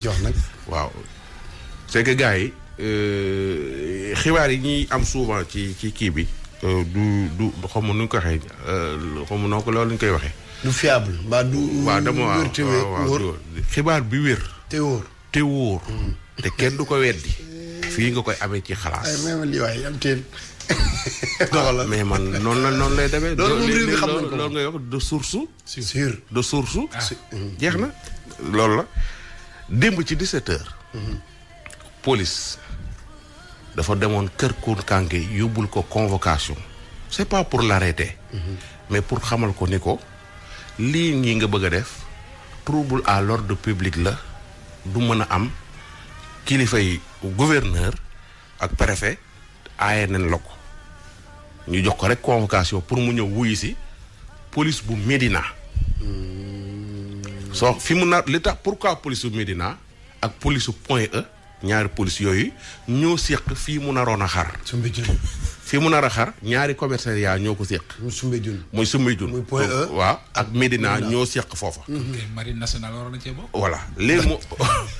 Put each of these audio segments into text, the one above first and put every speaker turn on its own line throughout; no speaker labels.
jox nag waaw c'est que gars yi euh, xibaar yi ñuy am souvent ci ci kii bi euh, du du xaw ma ko waxee euh, xaw ko loolu ñu koy waxee.
du fiable mbaa
xibaar bi wér. Mm. te kenn du ko weddi. fii nga koy amee ci xalaas. ay li waay am teel. Ah, mais man noonu la noonu lay demee. loolu xam loolu ngay wax de source. sûr ah. jeex na mm. loolu la. démb ci di heures. police dafa demoon kër Kounkandé yóbbul ko convocation c' est pas pour l' mais pour xamal ko ni ko lii ngi nga bëgg a def trouble à l' ordre public la du mën a am kilifa yi gouverneur ak préfet aaye nañ la ko ñu jox ko rek convocation pour mu ñëw wuyu si bu Médina. so fi mu na li tax pourquoi police bu Médina ak police bu Point E ñaari police yooyu ñoo seq fii mu naroon a xar. Soumbédioune. fii mu nar a xar ñaari commissariat ñoo ko seq. muy Soumbédioune. muy Soumbédioune. muy Point E waaw ak Médina ñoo seq foofa.
marine na cee bokk. voilà léegi mu.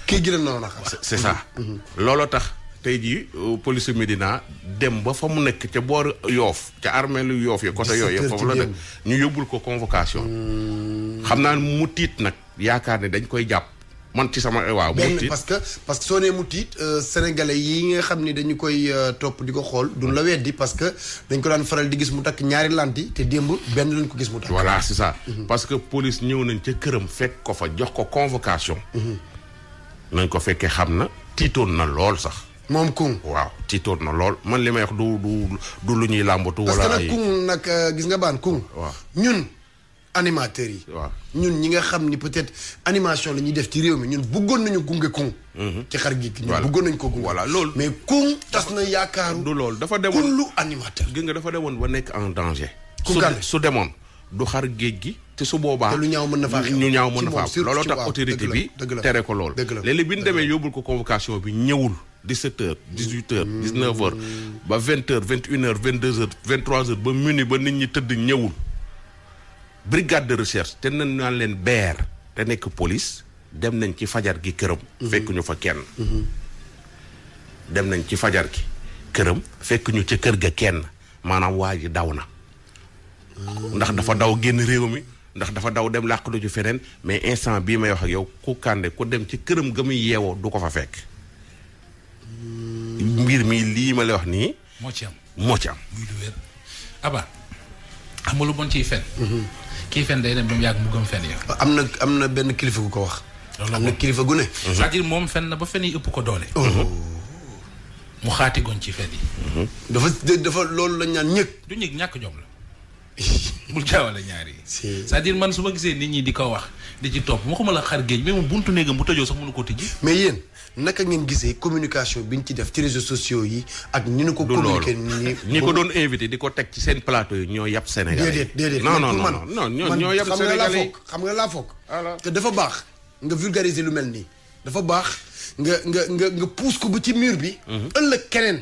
kii gi la naroon a
xar. c'est ça. Mm-hmm. looloo tax. tey jii euh, police Médina dem ba fa mu nekk ca boor yoof ca armeelu yoof ya côté yooyu foofu la nekk ñu yóbbul ko convocation hmm. xam naa mu tiit nag yaakaar ne dañ koy jàpp man ci sama waaw mu tiit parce que
parce que soo nee mu tiit euh, sénégalais yi nga xam ni dañu koy euh, topp di ko xool duñ la weddi parce que dañ ko daan faral di gis mu takk ñaari lanti te démb benn lañ ko gis mu takk voilà c'est
ça mhm. parce que police ñëw nañ ca këram fekk ko fa jox ko convocation mhm. nañ ko fekkee xam na tiitoon na lool sax moom Kung waaw ci tóor na lool man li may wax du du du lu ñuy làmbatu. wala ay parce
que nag euh, gis nga baan Kung. waaw ñun animateurs yi. waaw ñun ñi nga xam ni peut-être animation la ñuy def ci réew mi ñun
bëggoon nañu gunge Kung. Mhm. ci xar gi ñun bëggoon nañu ko gunge. voilà loolu mais Kung tas na yaakaaru. du loolu dafa demoon kullu animateur. gis nga dafa demoon ba nekk en danger. Koungheul su demoon du xar géej gi. te su boobaa lu ñaaw mën na faa ñu ñaaw mën na faa looloo tax autorité bi tere ko lool léeg bi ñu demee yóbbul ko convocation bi ñëwul 17 heures 18 heures 19 heures ba 20 heures 21 heures 22 heures 23 heures ba minuit ba nit ñi tëdd ñëwul brigade de recherche te nañ naan leen beer te nekk police dem nañ ci fajar gi këram mhm. fekk ñu fa kenn mhm. dem nañ ci fajar gi këram fekk ñu ca kër ga kenn maanaam waa ji daw na ah. ndax dafa daw génn réew mi ndax dafa daw dem làqatu ci feneen mais instant bii may wax ak yow ku kànde ku dem ci këram ga muy yeewoo du ko fa fekk mbir mi lii ma lay wax nii. moo ci am moo ci am.
muy lu wér Aba xam lu bon ciy fen. Mhm. kii fen day dem ba mu yàgg mu gëm fen ya.
am na am na benn kilifa gu ko wax. am na kilifa gu ne.
Mhm. cest moom fen na ba fen yi ëpp ko doole. Oh. Mhm. mu xaati goon ci fen yi. dafa dafa loolu la ñaan ñëg. du ñëg ñàkk jom la. bul jaawale ñaari sa cest man su ma gisee nit ñi di ko wax di ci topp waxuma la xar géej mais mu buntu néegam bu tëjoo sax mënu ko tijji.
mais yéen naka ngeen gisee communication bi ñu ci def ci réseaux sociaux yi ak. ni ñu ko communiqué
ni ko doon invité di ko teg ci seen plateau yi ñoo yab Sénégal yi. déedéet non non non non ñoo yab Sénégal yi
xam nga laa foog xam nga te dafa baax nga vulgariser lu mel nii. dafa baax nga nga nga nga pousse ko ba ci mur bi. Mhm. ëllëg keneen.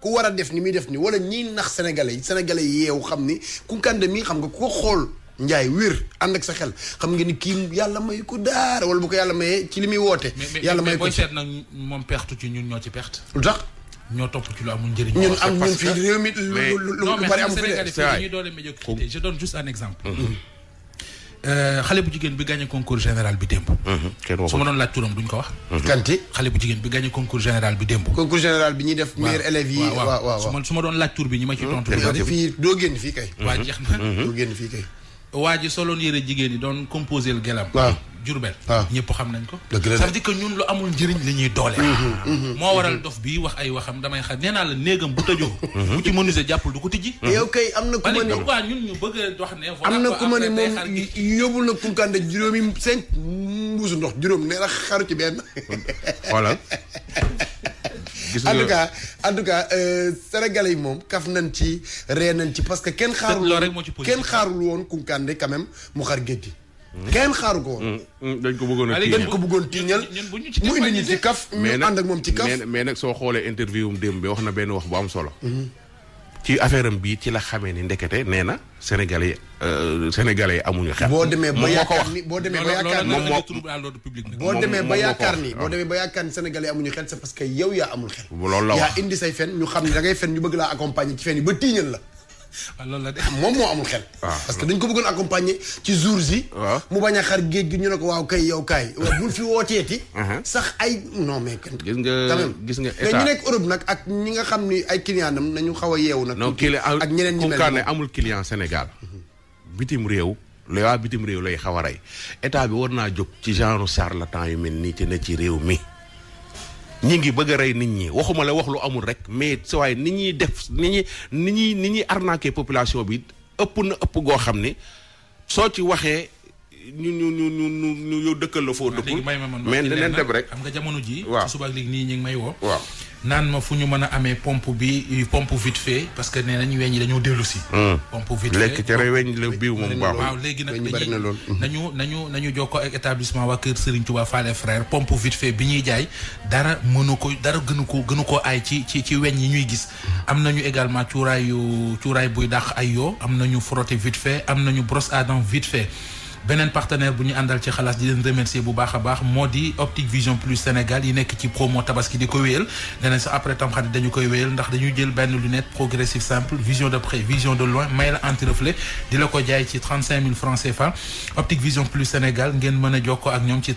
ku war a def ni muy def ni wala ñii nax sénégalais yi sénégalais xam ni Kounkandé mii xam nga koo xool njaay wér ànd ak sa xel xam nga ni kii yàlla may ko daara wala bu ko yàlla mayee ci li muy woote. yàlla may ko booy seet
moom perte ci ñun ñoo ci perte. lu tax. ñoo topp ci lu amul njëriñ. ñun am ñun fii réew lu lu am. fi de c'est vrai non mais sénégalais fii dañuy un exemple. Mm-hmm. Euh, xale bu jigéen bi gagné concours général bi démb. Mhm, kenn su ma doon laaj duñ ko wax. Mhm. kanti xale bu jigéen bi gagné concours général bi démb.
concours général bi ñuy def. meilleur élèves yi
su ma doon laaj bi ñi ma ci mhm. tontu. du doo génn fii kay. waa soloon yëre jigéen doon composé gelam. Diourbel ah. ñëpp xam nañ ko ça veut dire que ñun lu amul njëriñ la ñuy doole mm-hmm, mm-hmm. moo waral dof bi wax ay waxam damay xam nee naa la néegam bu tëjoo mm-hmm. bu ci menuisier jàppul du ko tijji yow kay am na ku ma ne pourquoi ñun ñu bëgg wax ne am na ku moom
yóbbul na kunkande juróomi cinq mbuusu ndox juróom nee na xaru ci benn voilà en tout cas en euh, yi moom kaf nañ ci ree nañ ci parce que kenn xaarul kenn xaarul woon kunkande quand mu xar géej gi Mmh. kenn xaaru ko woon. Mmh.
Mmh. dañ ko bëggoon a dañ bëggoon tiiñal
mu indi ñu ci kaf.
ñu ànd moom ci kaf mais nag soo xoolee interview mu um démb bi wax na benn wax bu am solo. ci affaire am ci la xamee ni ndekete nee na sénégalais euh, sénégalais amuñu xel. boo demee ba yaakaar ni
boo demee ba yaakaar ni
boo demee ba yaakaar ni boo demee
ba yaakaar ni sénégalais amuñu xel c'est parce que yow yaa amul xel. yaa indi say fen ñu xam ne da ngay fen ñu bëgg la accompagner ci fen yi ba tiiñal la. waaw ah, la de ah, moom moo amul xel. Ah, parce que dañ ko bëggoon accompagner ci jours yi. mu bañ a xar géej gi ñu ne ko waaw kay yow kaay. buñ fi wooteeti.
Uh-huh. sax ay non mais. gis nga gis nga état
mais nag ak ñi nga xam ni ay client am nañu xaw a yeewu nag.
ak ñeneen ñi mel ne amul client Sénégal. Mhm. bitim réew. la waa bitim réew lay xaw a rey état bi war naa jog ci genre charlatan yu mel nii te ne ci réew mi. ñi ngi bëgg rey nit ñi waxuma la wax lu amul rek mais sa waaye ni ñuy def ni ñi ni ñuy ni ñuy arnaqué population bi ëpp na ëpp goo xam ni soo ci waxee ñu ñu ñu ñu ñu ñu yow dëkkal la foo dëkkul mais dinañ def rek xam
nga jamono ji waaw suba léegi nii ñu ngi may woo waaw naan ma fu ñu mën a amee pompe bi euh, pomp vite fait parce que nee nañ weñ yi dañoo dellusi si. Hmm. pompe vite fait lekk cere weñ
la biiw moom baaxul. léegi nag dañuy hmm.
nañu nañu nañu jokkoo ak établissement waa Kër Serigne Touba Fallé Frère pompe vite fait bi ñuy jaay dara mënu ko dara gënu ko gënu ko aay ci ci ci weñ yi ñuy gis. Hmm. am nañu également cuuraayu cuuraay buy dàq ay yoo am nañu frotté vite fait am nañu brosse à dents vite fait. beneen partenaire bu ñu àndal ci xalaas di leen remercier bu baax a baax moo di Optique Vision Plus Sénégal yi nekk ci promo tabaski di ko wéyal nee nañ sa après tamxarit dañu koy wéyal ndax dañu jël benn lunette progressive simple vision de près vision de loin may la anti-reflet di la ko jaay ci 35 000 Optique Vision Plus Sénégal ngeen mën a jokkoo ak ñoom ci